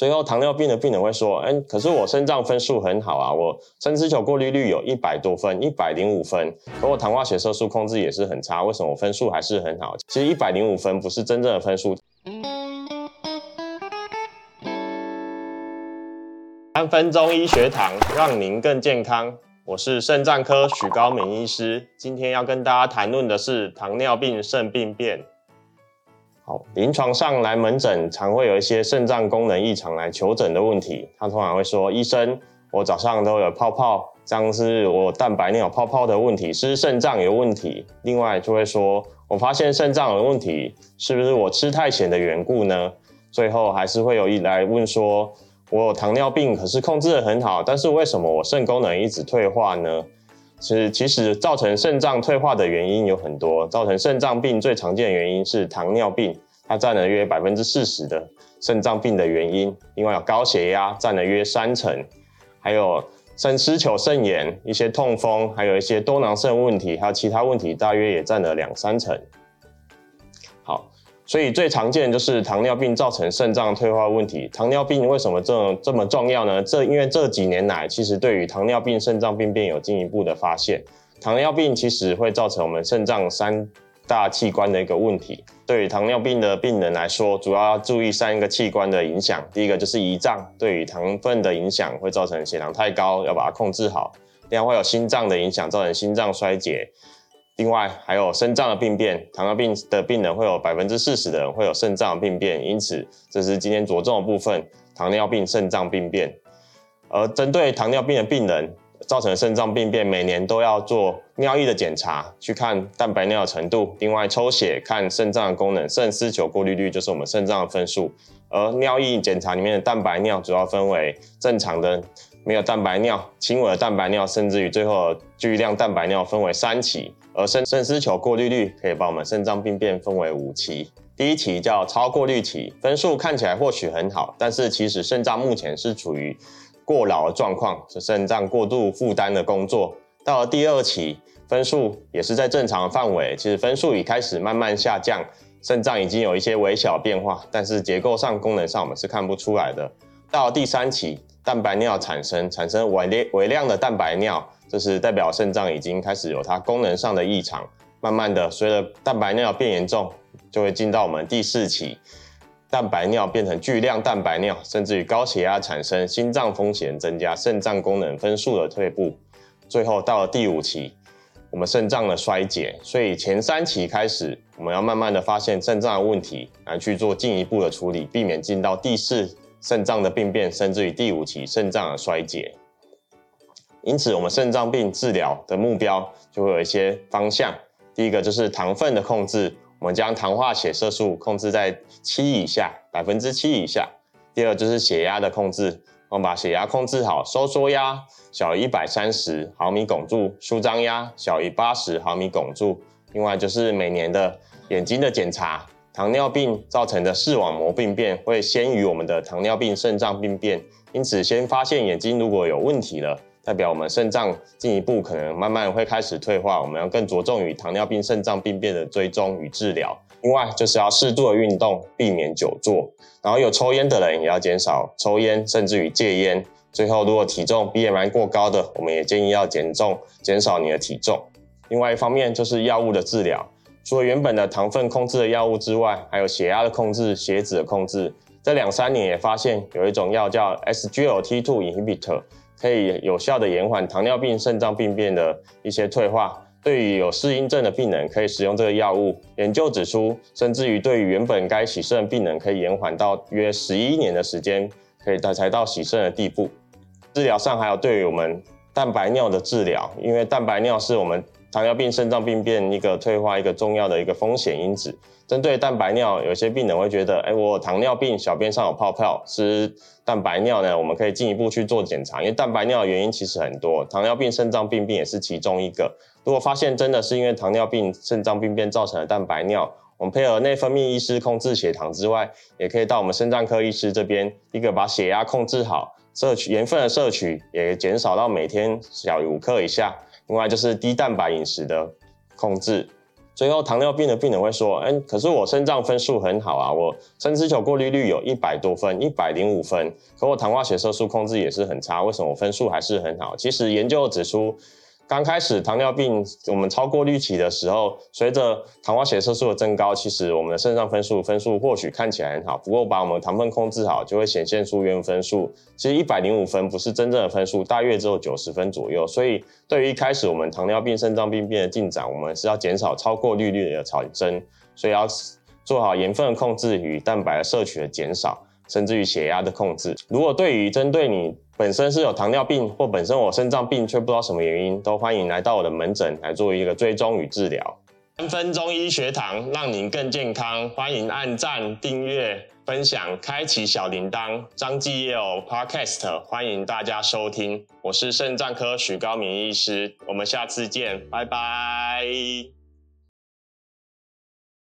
最後，糖尿病的病人會說：“欸，可是我腎臟分數很好啊，我腎絲球過濾率有一百多分，一百零五分，可我糖化血色素控制也是很差，為什麼我分數還是很好？其實一百零五分不是真正的分數。”三分鐘醫學堂，讓您更健康。我是腎臟科許高鳴醫師，今天要跟大家談論的是糖尿病腎病變。臨床上來門診，常會有一些腎臟功能異常來求診的問題。他通常會說：“醫生，我早上都有泡泡，像是我有蛋白尿、泡泡的問題，是，是腎臟有問題？”另外，就會說：“我發現腎臟有問題，是不是我吃太鹹的緣故呢？”最後，還是會有一來問說：“我有糖尿病，可是控制得很好，但是為什麼我腎功能一直退化呢？”是，其實造成腎臟退化的原因有很多，造成腎臟病最常見的原因是糖尿病，它佔了約百分之四十的腎臟病的原因。另外有高血壓，佔了約三成，還有腎絲球腎炎、一些痛風，還有一些多囊腎問題，還有其他問題，大約也佔了兩三成。所以最常見就是糖尿病造成腎臟退化問題。糖尿病為什麼這麼這麼重要呢？這因為這幾年來，其實對於糖尿病腎臟病變有進一步的發現。糖尿病其實會造成我們腎臟三大器官的一個問題。對於糖尿病的病人來說，主要要注意三個器官的影響。第一個就是胰臟，對於糖分的影響會造成血糖太高，要把它控制好。第二會有心臟的影響，造成心臟衰竭。另外還有腎臟的病變，糖尿病的病人會有百分之四十的人會有腎臟的病變，因此這是今天着重的部分——糖尿病腎臟病變。而針對糖尿病的病人，造成腎臟病變，每年都要做尿液的檢查，去看蛋白尿的程度。另外抽血看腎臟的功能，腎絲球過濾率就是我們腎臟的分數。而尿液檢查裡面的蛋白尿主要分為正常的沒有蛋白尿、輕微的蛋白尿，甚至於最後的巨量蛋白尿，分為三期。而腎腎絲球過濾率可以把我們腎臟病變分為五期，第一期叫超過濾期，分數看起來或許很好，但是其實腎臟目前是處於過勞狀況，是腎臟過度負擔的工作。到了第二期，分數也是在正常的範圍，其實分數已開始慢慢下降，腎臟已經有一些微小變化，但是結構上、功能上我們是看不出來的。到了第三期，蛋白尿產生，產生微微量的蛋白尿。這是代表腎臟已經開始有它功能上的異常，慢慢的隨着蛋白尿變嚴重，就會進到我們第四期，蛋白尿變成巨量蛋白尿，甚至於高血壓產生心臟風險增加，腎臟功能分數的退步，最後到了第五期，我們腎臟的衰竭。所以前三期開始，我們要慢慢的發現腎臟的問題來去做進一步的處理，避免進到第四腎臟的病變，甚至於第五期腎臟的衰竭。因此，我們腎臟病治療的目標就會有一些方向。第一個就是糖分的控制，我們將糖化血色素控制在七以下，百分之七以下。第二就是血壓的控制，我們把血壓控制好，收縮壓小於一百三十毫米汞柱，舒張壓小於八十毫米汞柱。另外就是每年的眼睛的檢查，糖尿病造成的視網膜病變會先於我們的糖尿病腎臟病變，因此先發現眼睛如果有問題了。代表我們腎臟進一步可能慢慢會開始退化，我們要更着重於糖尿病腎臟病變的追蹤與治療。另外就是要適度的運動，避免久坐。然後有抽菸的人也要減少抽菸，甚至於戒菸。最後如果體重 BMI 過高的，我們也建議要減重，減少你的體重。另外一方面就是藥物的治療，除了原本的糖分控制的藥物之外，還有血壓的控制、血脂的控制。這兩三年也發現有一種藥叫 SGLT2 inhibitor。可以有效的延緩糖尿病腎臟病變的一些退化。對於有適應症的病人，可以使用這個藥物。研究指出，甚至於對於原本該洗腎的病人，可以延緩到約十一年的時間，可以他才到洗腎的地步。治療上還有對於我們蛋白尿的治療，因為蛋白尿是我們。糖尿病腎臟病變一個退化，一個重要的一個風險因子。針對蛋白尿，有些病人會覺得，誒、欸、我糖尿病，小便上有泡泡是蛋白尿呢。我們可以進一步去做檢查，因為蛋白尿的原因其實很多，糖尿病腎臟病變也是其中一個。如果發現真的是因為糖尿病腎臟病變造成的蛋白尿，我們配合內分泌醫師控制血糖之外，也可以到我們腎臟科醫師這邊，一個把血壓控制好，攝取鹽分的攝取也減少到每天小於五克以下。另外就是低蛋白飲食的控制。最後，糖尿病的病人會說：“哎、欸，可是我腎臟分數很好啊，我腎絲球過濾率有一百多分，一百零五分，可我糖化血色素控制也是很差，為什麼我分數還是很好？”其實研究指出。剛開始糖尿病，我們超過濾期的時候，隨着糖化血色素的增高，其實我們的腎臟分數分數或許看起來很好，不過把我們糖分控制好，就會顯現出原有分數。其實一百零五分不是真正的分數，大約只有九十分左右。所以對於一開始我們糖尿病腎臟病變的進展，我們是要減少超過濾率的產生，所以要做好鹽分的控制與蛋白的攝取的減少，甚至於血壓的控制。如果對於針對你。本身是有糖尿病或本身我腎臟病，卻不知道什麼原因，都歡迎來到我的門診來做一個追蹤與治療。三分鐘醫學堂，讓您更健康。歡迎按讚、訂閱、分享、開啟小鈴鐺。彰基也有，Podcast，歡迎大家收聽。我是腎臟科許高鳴醫師，我們下次見，拜拜。